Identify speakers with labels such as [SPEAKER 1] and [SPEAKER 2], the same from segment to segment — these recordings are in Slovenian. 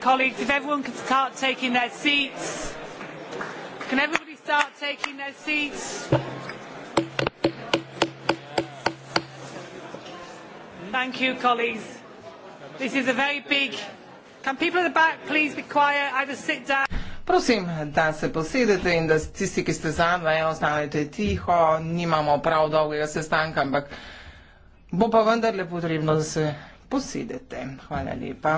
[SPEAKER 1] colleagues, if everyone could start taking their seats. Can everybody start taking their seats? Thank you, colleagues. This is a very big... Can people at the back please be quiet, either sit down...
[SPEAKER 2] Prosim, da se posedete in da tisti, ki ste zadnje, ostanete tiho, nimamo prav dolgega sestanka, ampak bo pa vendar le potrebno, da se posedete. Hvala lepa.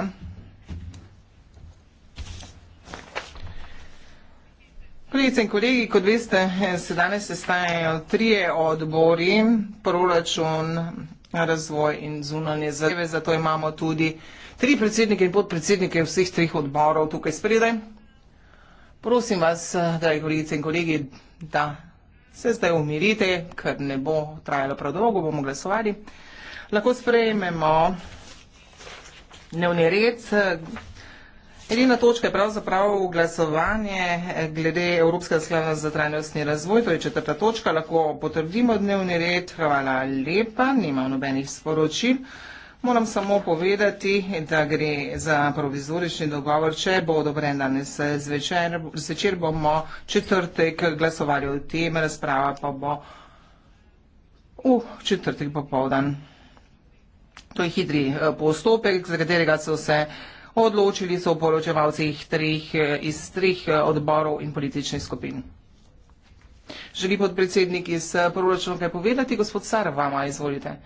[SPEAKER 2] Kolegice in kolegi, kot veste, se danes sestajajo trije odbori, proračun, razvoj in zunanje zadeve, zato imamo tudi tri predsednike in podpredsednike vseh treh odborov tukaj spredaj. Prosim vas, dragi kolegice in kolegi, da se zdaj umirite, ker ne bo trajalo prav dolgo, bomo glasovali. Lahko sprejmemo dnevni red. Edina točka je pravzaprav glasovanje eh, glede Evropskega sklada za trajnostni razvoj, to je četrta točka, lahko potrdimo dnevni red, hvala lepa, nimam nobenih sporočil. Moram samo povedati, da gre za provizorični dogovor, če bo odobren danes eh, zvečer, zvečer bomo četrtek glasovali o tem, razprava pa bo v uh, četrtek popovdan. To je hitri eh, postopek, za katerega so se odločili so poročevalci treh, eh, iz treh eh, odborov in političnih skupin. Želi podpredsednik iz eh, proračuna kaj povedati, gospod Sar, vama izvolite.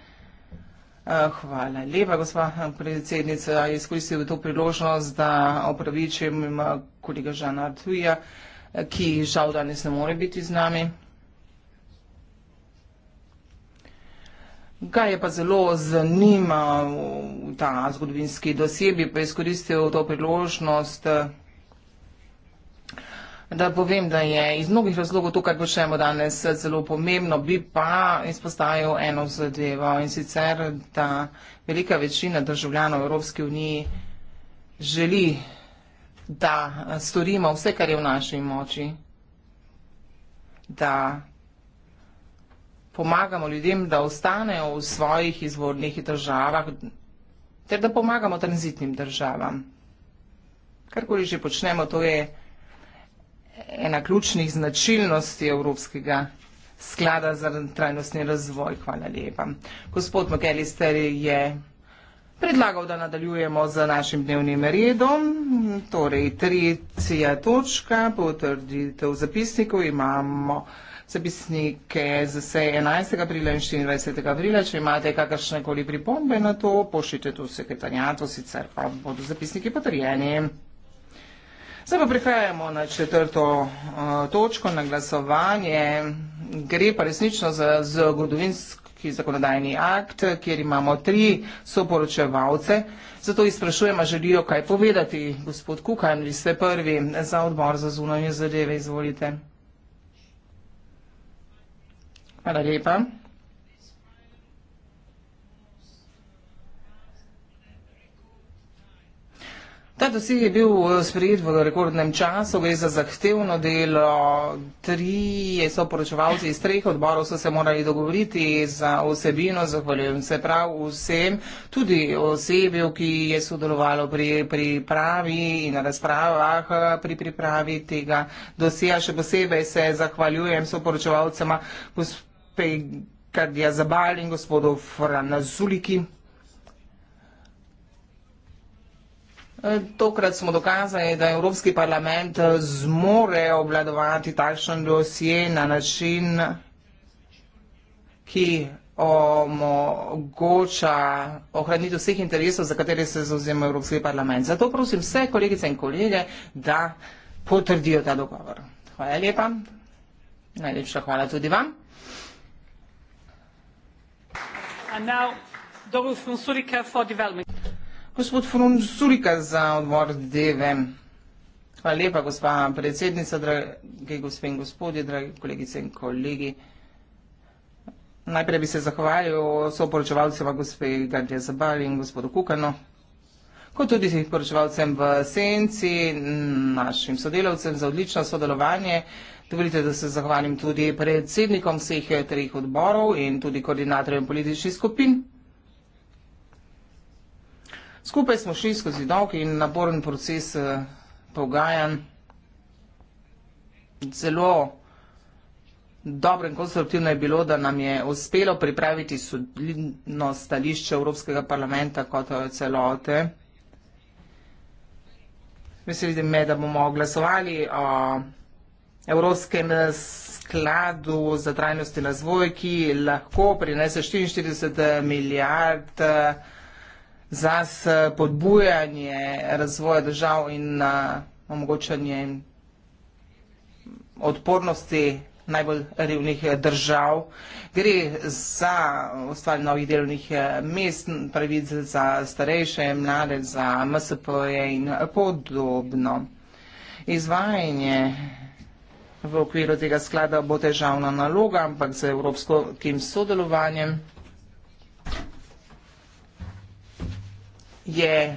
[SPEAKER 2] Hvala lepa, gospa predsednica. Izkoristil bi to priložnost, da opravičim kolega Žana Artuja, ki žal danes ne more biti z nami. Ga je pa zelo zanimal ta zgodovinski dosje, bi pa izkoristil to priložnost, eh, da povem, da je iz mnogih razlogov to, kar počnemo danes, zelo pomembno, bi pa izpostavil eno zadevo in sicer, da velika večina državljanov Evropske unije želi, da storimo vse, kar je v naši moči, da pomagamo ljudem, da ostanejo v svojih izvornih državah, ter da pomagamo tranzitnim državam. Karkoli že počnemo, to je ena ključnih značilnosti Evropskega sklada za trajnostni razvoj. Hvala lepa. Gospod McAllister je predlagal, da nadaljujemo z našim dnevnim redom. Torej, tretja točka, potrditev zapisnikov imamo zapisnike z seje 11. aprila in 24. aprila. Če imate kakršne koli pripombe na to, pošljite to v sekretarjato, sicer pa bodo zapisniki potrjeni. Zdaj pa prihajamo na četrto uh, točko, na glasovanje. Gre pa resnično za zgodovinski zakonodajni akt, kjer imamo tri soporočevalce. Zato izprašujemo, želijo kaj povedati. Gospod Kukan, vi ste prvi za odbor za zunanje zadeve, izvolite. Hvala lepa. Ta dosej je bil eh, sprejet v rekordnem času, gre za zahtevno delo. Trije so poročevalci iz treh odborov, so se morali dogovoriti za osebino. Zahvaljujem se prav vsem, tudi osebi, ki je sodelovalo pri pripravi in razpravah eh, pri pripravi tega dosija. Še posebej se zahvaljujem so poročevalcema. Gospod Pekadija Zabal in gospodu Frana Zuliki. E, tokrat smo dokazali, da Evropski parlament zmore obladovati takšen dosje na način, ki omogoča ohraniti vseh interesov, za katere se zauzema Evropski parlament. Zato prosim vse kolegice in kolege, da potrdijo ta dogovor. Hvala lepa. Najlepša hvala tudi vam. Gospod Frun Surika za odbor deve. Hvala lepa, gospa predsednica, dragi gospe in gospodje, dragi kolegice in kolegi. Najprej bi se zahvalil soporočevalcema gospe Gardje Zabali in gospodu Kukano, kot tudi poročevalcem v Senci, našim sodelavcem za odlično sodelovanje. Dovolite, da se zahvalim tudi predsednikom vseh treh odborov in tudi koordinatorjem političnih skupin. Skupaj smo šli skozi dolg in naboren proces eh, pogajan zelo Dobro in konstruktivno je bilo, da nam je uspelo pripraviti sodno stališče Evropskega parlamenta kot eh, celote. Veselite me, da bomo glasovali o... Uh, Evropskem skladu za trajnostni razvoj, ki lahko prinese 44 milijard eh, za spodbujanje razvoja držav in eh, omogočanje odpornosti najbolj revnih eh, držav. Gre za ustvarj novih delovnih mest, pravic za starejše, mlade, za MSP-je in podobno. Izvajanje v okviru tega sklada bo težavna naloga, ampak z evropskim sodelovanjem je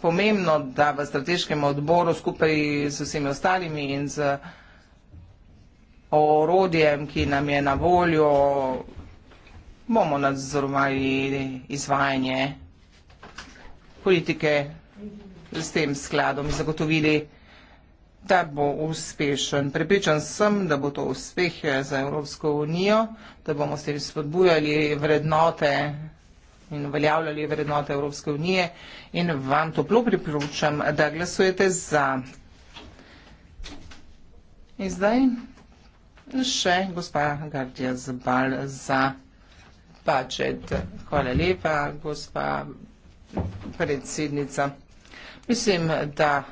[SPEAKER 2] pomembno, da v strateškem odboru skupaj z vsemi ostalimi in z orodjem, ki nam je na voljo, bomo nadzorovali izvajanje politike s tem skladom in zagotovili vsega da bo uspešen. Prepričan sem, da bo to uspeh za Evropsko unijo, da bomo s tem spodbujali vrednote in uveljavljali vrednote Evropske unije in vam toplo priporočam, da glasujete za. In zdaj še gospa Gardija Zbal za budžet. Hvala lepa, gospa predsednica. Mislim, da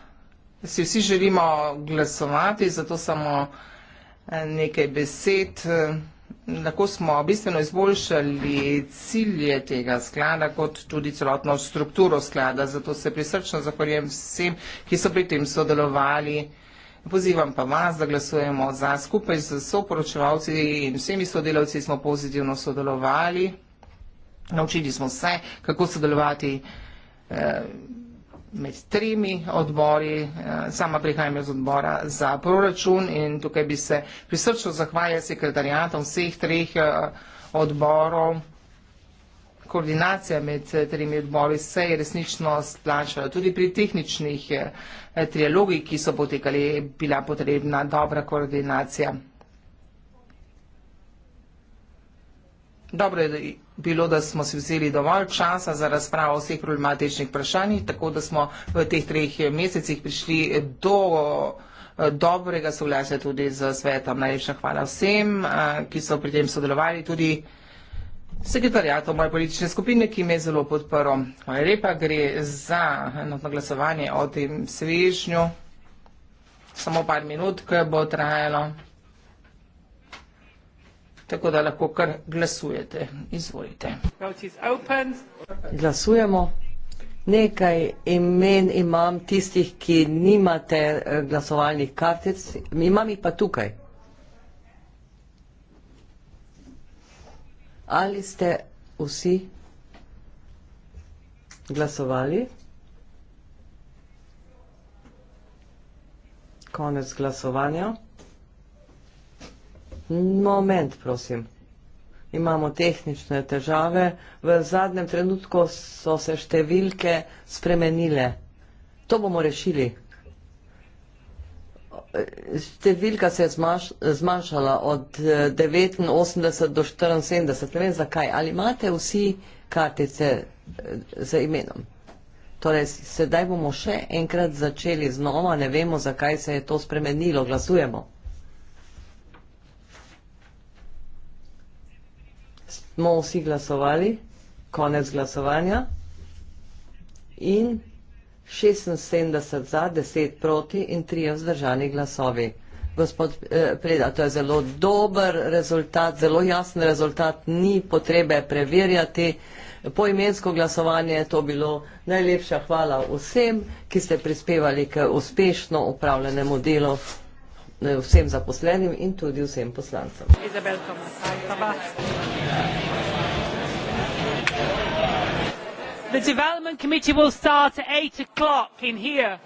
[SPEAKER 2] Si vsi želimo glasovati, zato samo eh, nekaj besed. Eh, lahko smo bistveno izboljšali cilje tega sklada, kot tudi celotno strukturo sklada. Zato se prisrčno zahvaljujem vsem, ki so pri tem sodelovali. Pozivam pa vas, da glasujemo za skupaj z soporočevalci in vsemi sodelavci smo pozitivno sodelovali. Naučili smo se, kako sodelovati. Eh, med tremi odbori. Eh, sama prihajam iz odbora za proračun in tukaj bi se prisrčno zahvaljala sekretarijatom vseh treh eh, odborov. Koordinacija med eh, tremi odbori se je resnično splačala. Tudi pri tehničnih trialogih, ki so potekali, je bila potrebna dobra koordinacija. Dobro je bilo, da smo si vzeli dovolj časa za razpravo o vseh problematičnih vprašanjih, tako da smo v teh treh mesecih prišli do eh, dobrega soglasja tudi z svetom. Najlepša hvala vsem, eh, ki so pri tem sodelovali, tudi sekretarjato moje politične skupine, ki me je zelo podprl. Hvala lepa, gre za enotno glasovanje o tem svežnju. Samo par minut, ko bo trajalo tako da lahko
[SPEAKER 1] kar glasujete. Izvolite. Glasujemo. Nekaj imen imam tistih, ki nimate eh, glasovalnih kartic, imam jih pa tukaj. Ali ste vsi glasovali? Konec glasovanja. Moment, prosim. Imamo tehnične težave. V zadnjem trenutku so se številke spremenile. To bomo rešili. Številka se je zmanjšala od 89 do 74. Ne vem zakaj. Ali imate vsi kartice z imenom? Torej, sedaj bomo še enkrat začeli znova. Ne vemo, zakaj se je to spremenilo. Glasujemo. smo vsi glasovali, konec glasovanja in 76 za, 10 proti in 3 vzdržani glasovi. Gospod eh, Preda, to je zelo dober rezultat, zelo jasen rezultat, ni potrebe preverjati. Poimensko glasovanje je to bilo. Najlepša hvala vsem, ki ste prispevali k uspešno upravljenemu delu eh, vsem zaposlenim in tudi vsem poslancem. Izabel, Tomas, the development committee will start at eight o'clock in here.